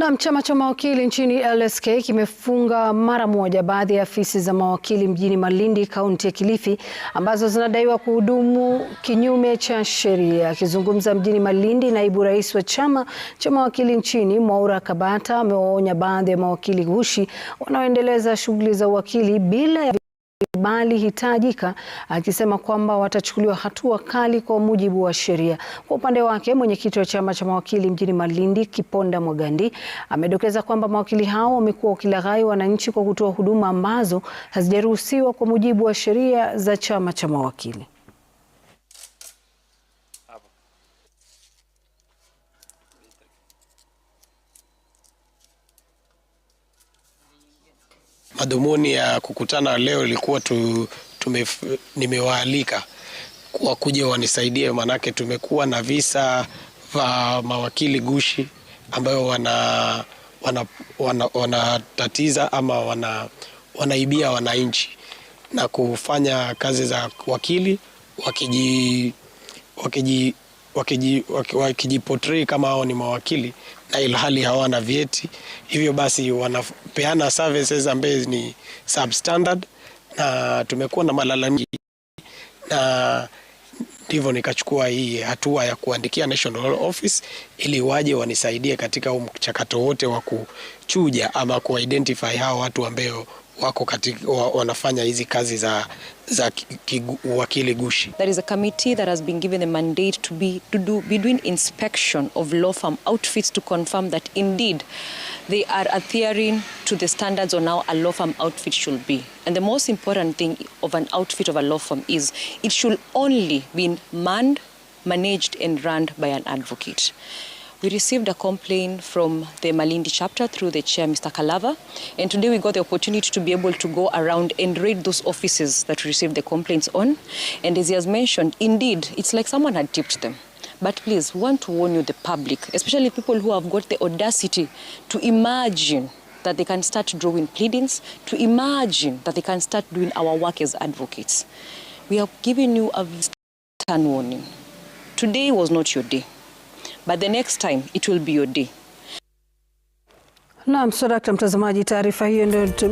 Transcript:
Naam, chama cha mawakili nchini LSK kimefunga mara moja baadhi ya afisi za mawakili mjini Malindi, kaunti ya Kilifi ambazo zinadaiwa kuhudumu kinyume cha sheria. Akizungumza mjini Malindi, naibu rais wa chama cha mawakili nchini Mwaura Kabata amewaonya baadhi ya mawakili ghushi wanaoendeleza shughuli za uwakili bila ya bali hitajika, akisema kwamba watachukuliwa hatua kali kwa mujibu wa sheria. Kwa upande wake, mwenyekiti wa chama cha mawakili mjini Malindi, Kiponda Mwagandi, amedokeza kwamba mawakili hao wamekuwa wakilaghai wananchi kwa kutoa huduma ambazo hazijaruhusiwa kwa mujibu wa sheria za chama cha mawakili. madhumuni ya kukutana leo ilikuwa tu, tume, nimewaalika kwa kuja wanisaidie, maanake tumekuwa na visa vya mawakili gushi ambayo wanatatiza wana, wana, wana ama wana, wanaibia wananchi na kufanya kazi za wakili wakiji, wakiji wakijipotrei kama hao ni mawakili na ilhali hawana vyeti, hivyo basi wanapeana services ambaye ni substandard, na tumekuwa na malalamishi na ndivyo nikachukua hii hatua ya kuandikia National Office ili waje wanisaidie katika huu mchakato wote wa kuchuja ama kuidentify hao watu ambao wako katika, wa, wanafanya hizi kazi za, za uwakili gushi. There is a committee that has been given the mandate to be, to do between inspection of law firm outfits to confirm that indeed they are adhering to the standards on how a law firm outfit should be. And the most important thing of an outfit of a law firm is it should only be manned, managed and run by an advocate. We received a complaint from the Malindi chapter through the chair, Mr. Kalava, and today we got the opportunity to be able to go around and raid those offices that received the complaints on. And as he has mentioned, indeed, it's like someone had tipped them. But please, we want to warn you, the public, especially people who have got the audacity to imagine that they can start drawing pleadings, to imagine that they can start doing our work as advocates. We are giving you a stern warning. Today was not your day. but the next time it will be your day. Naam, Sadakta mtazamaji, taarifa hiyo ndio